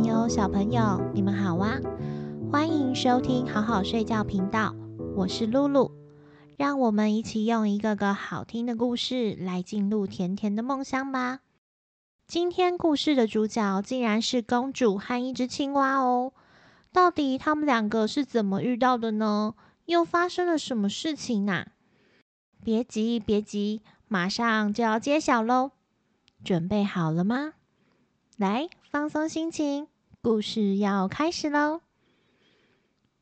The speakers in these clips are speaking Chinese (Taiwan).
朋友小朋友，你們好啊！歡迎收聽好好睡覺頻道，我是露露。讓我們一起用一個個好聽的故事來進入甜甜的夢鄉吧。今天故事的主角竟然是公主和一隻青蛙哦！到底他們兩個是怎麼遇到的呢？又發生了什麼事情呢、啊？別急，別急，馬上就要揭曉嘍！準備好了嗎？來，放鬆心情。故事要開始嘍。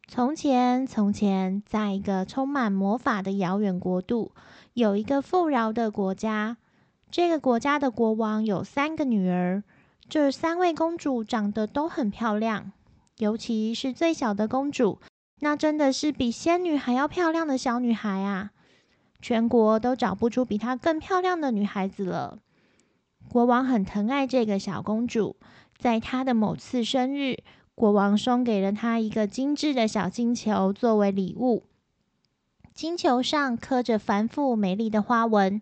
從前，從前，在一個充滿魔法的遙遠國度，有一個富饒的國家。這個國家的國王有三個女兒，這三位公主長得都很漂亮，尤其是最小的公主，那真的是比仙女還要漂亮的小女孩啊！全國都找不出比她更漂亮的女孩子了。國王很疼愛這個小公主。在她的某次生日，國王送給了她一個精致的小金球作為禮物。金球上刻着繁複美麗的花紋，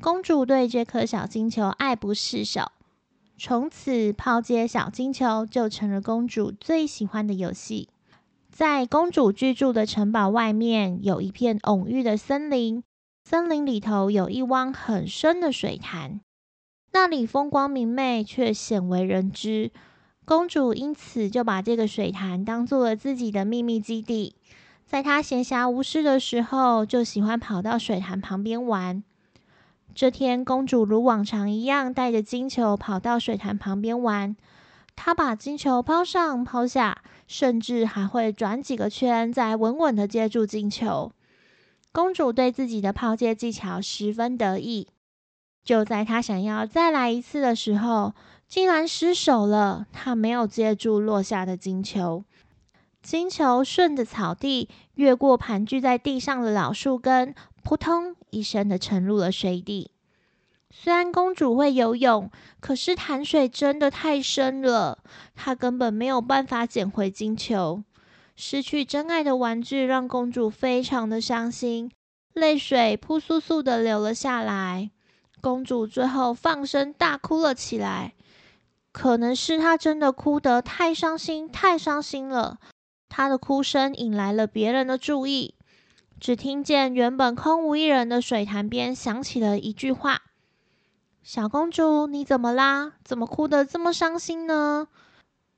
公主對這顆小金球愛不釋手。從此，拋接小金球就成了公主最喜歡的遊戲。在公主居住的城堡外面，有一片蓊鬱的森林，森林裡頭有一汪很深的水潭。那裡風光明媚，卻鮮為人知。公主因此就把這個水潭當做了自己的秘密基地。在她閒暇無事的時候，就喜歡跑到水潭旁邊玩。這天，公主如往常一樣，帶着金球跑到水潭旁邊玩。她把金球拋上、拋下，甚至還會轉幾個圈，再穩穩地接住金球。公主對自己的拋接技巧十分得意。就在他想要再來一次的時候，竟然失手了。他沒有接住落下的金球，金球順着草地，越過盤踞在地上的老樹根，撲通一聲的沉入了水底。雖然公主會游泳，可是潭水真的太深了，她根本沒有辦法撿回金球。失去真愛的玩具，讓公主非常的傷心，淚水撲簌簌的流了下來。公主最後放聲大哭了起來，可能是她真的哭得太傷心，太傷心了。她的哭聲引來了別人的注意，只聽見原本空無一人的水潭邊響起了一句話：“小公主，你怎麼啦？怎麼哭得這麼傷心呢？”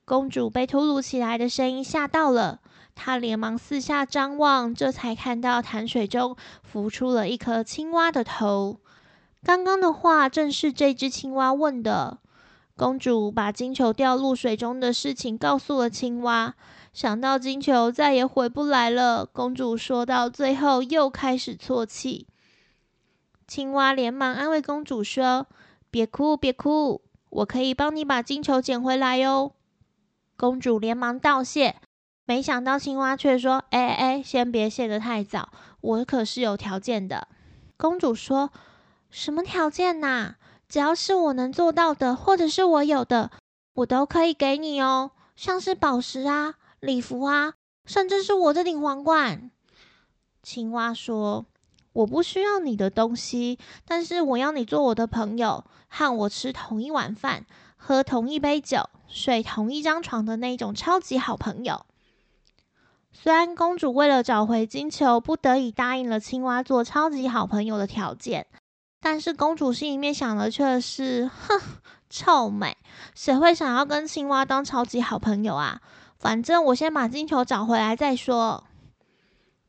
公主被突如其來的聲音嚇到了，她連忙四下張望，這才看到潭水中浮出了一顆青蛙的頭。剛剛的話正是這隻青蛙問的。公主把金球掉入水中的事情告訴了青蛙，想到金球再也回不來了，公主說到最後又開始啜泣。青蛙連忙安慰公主說：“別哭，別哭，我可以幫你把金球撿回來喲、哦。”公主連忙道謝，沒想到青蛙卻說：“哎哎，先別謝得太早，我可是有條件的。”公主說。什麼條件吶、啊？只要是我能做到的，或者是我有的，我都可以給你哦。像是寶石啊、禮服啊，甚至是我這頂皇冠。青蛙說：“我不需要你的東西，但是我要你做我的朋友，和我吃同一碗飯，喝同一杯酒，睡同一張床的那種超級好朋友。”雖然公主為了找回金球，不得已答應了青蛙做超級好朋友的條件。但是公主心裡面想的卻是：哼，臭美，誰會想要跟青蛙當超級好朋友啊？反正我先把金球找回來再說。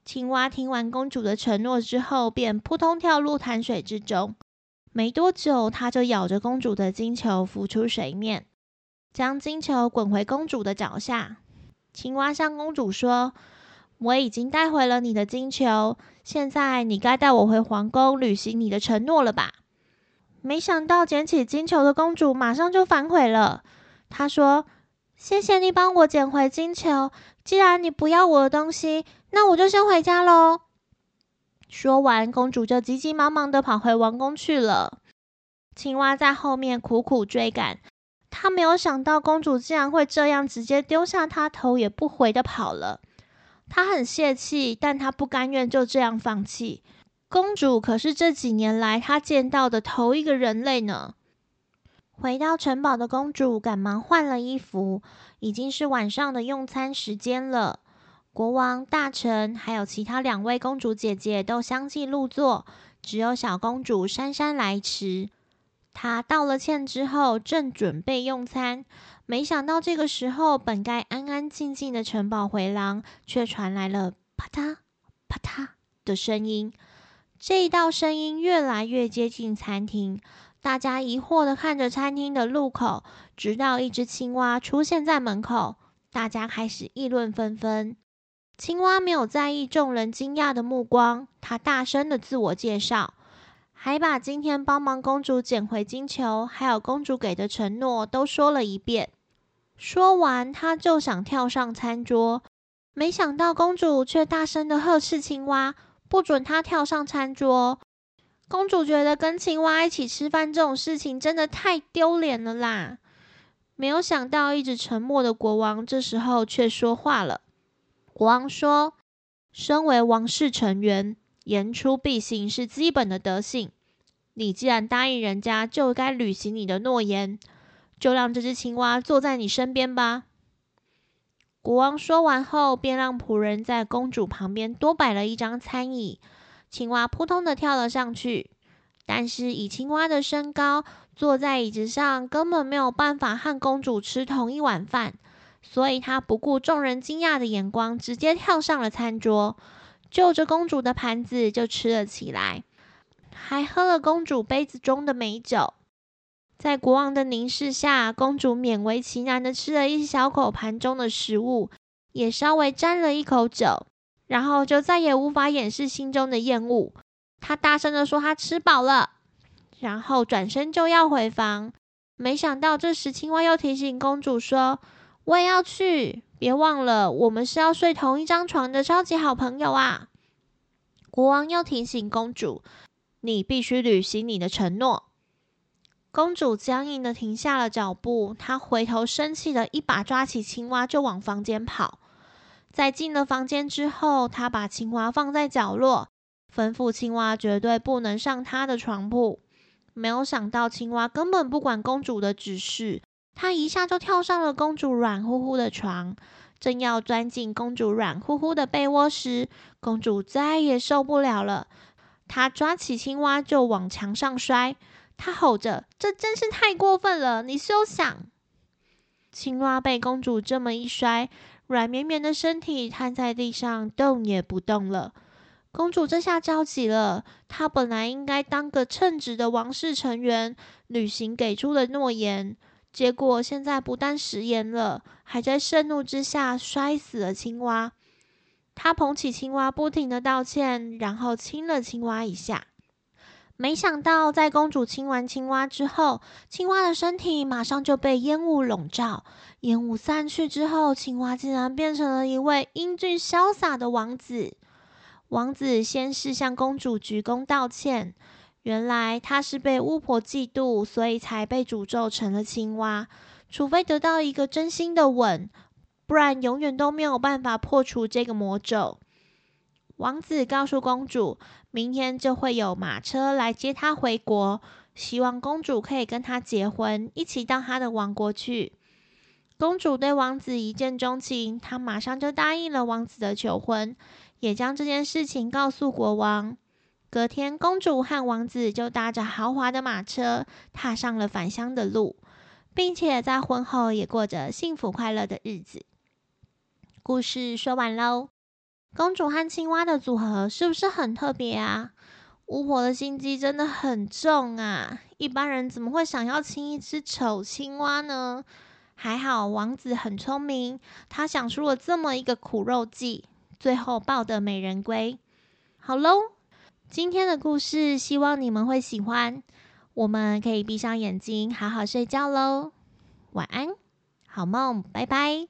青蛙聽完公主的承諾之後，便撲通跳入潭水之中。沒多久，它就咬着公主的金球浮出水面，將金球滾回公主的腳下。青蛙向公主說：“我已經帶回了你的金球。”現在你該帶我回皇宮履行你的承諾了吧？沒想到撿起金球的公主馬上就反悔了。她說：“謝謝你幫我撿回金球，既然你不要我的東西，那我就先回家嘍。”說完，公主就急急忙忙的跑回王宮去了。青蛙在後面苦苦追趕，他沒有想到公主竟然會這樣直接丟下他，頭也不回的跑了。她很泄氣，但她不甘願就這樣放棄。公主可是這幾年來她見到的頭一個人類呢。回到城堡的公主趕忙換了衣服，已經是晚上的用餐時間了。國王、大臣還有其他兩位公主姐姐都相繼入座，只有小公主姍姍來遲。她道了歉之後，正準備用餐。沒想到這個時候，本該安安靜靜的城堡迴廊，卻傳來了啪嗒啪嗒的聲音。這一道聲音越來越接近餐廳，大家疑惑的看着餐廳的入口，直到一隻青蛙出現在門口，大家開始議論紛紛。青蛙沒有在意眾人驚訝的目光，牠大聲的自我介紹，還把今天幫忙公主撿回金球，還有公主給的承諾都說了一遍。說完，他就想跳上餐桌，沒想到公主卻大聲的呵斥青蛙，不准他跳上餐桌。公主覺得跟青蛙一起吃飯這種事情真的太丟臉了啦。沒有想到，一直沉默的國王這時候卻說話了。國王說：“身為王室成員，言出必行是基本的德性。你既然答應人家，就該履行你的諾言。”就讓這隻青蛙坐在你身邊吧。國王說完後，便讓僕人在公主旁邊多擺了一張餐椅。青蛙撲通的跳了上去，但是以青蛙的身高，坐在椅子上根本沒有辦法和公主吃同一碗飯，所以他不顧眾人驚訝的眼光，直接跳上了餐桌，就着公主的盤子就吃了起來，還喝了公主杯子中的美酒。在國王的凝視下，公主勉為其難的吃了一小口盤中的食物，也稍微沾了一口酒，然後就再也無法掩飾心中的厭惡。她大聲的說她吃飽了，然後轉身就要回房，沒想到這時青蛙又提醒公主說：“我也要去，別忘了，我們是要睡同一張床的超級好朋友啊！”國王又提醒公主：“你必須履行你的承諾。”公主僵硬地停下了腳步，她回頭生氣地一把抓起青蛙就往房間跑。在進了房間之後，她把青蛙放在角落，吩咐青蛙絕對不能上她的床鋪。沒有想到青蛙根本不管公主的指示，她一下就跳上了公主軟乎乎的床，正要鑽進公主軟乎乎的被窩時，公主再也受不了了，她抓起青蛙就往牆上摔。他吼着：“這真是太過分了！你休想！”青蛙被公主這麼一摔，軟綿綿的身體癱在地上，動也不動了。公主這下着急了。她本來應該當個稱職的王室成員，履行給出了諾言，結果現在不但食言了，還在盛怒之下摔死了青蛙。她捧起青蛙，不停的道歉，然後親了青蛙一下。沒想到，在公主親完青蛙之後，青蛙的身體馬上就被煙霧籠罩。煙霧散去之後，青蛙竟然變成了一位英俊瀟灑的王子。王子先是向公主鞠躬道歉，原來他是被巫婆嫉妒，所以才被詛咒成了青蛙。除非得到一個真心的吻，不然永遠都沒有辦法破除這個魔咒。王子告訴公主，明天就會有馬車來接她回國，希望公主可以跟他結婚，一起到他的王國去。公主對王子一見鍾情，她馬上就答應了王子的求婚，也將這件事情告訴國王。隔天，公主和王子就搭着豪華的馬車，踏上了返鄉的路，並且在婚後也過着幸福快樂的日子。故事說完嘍。公主和青蛙的組合是不是很特別啊？巫婆的心機真的很重啊！一般人怎麼會想要親一隻醜青蛙呢？還好王子很聰明，他想出了這麼一個苦肉計，最後抱得美人歸。好嘍，今天的故事希望你們會喜歡。我們可以閉上眼睛，好好睡覺嘍。晚安，好夢，拜拜。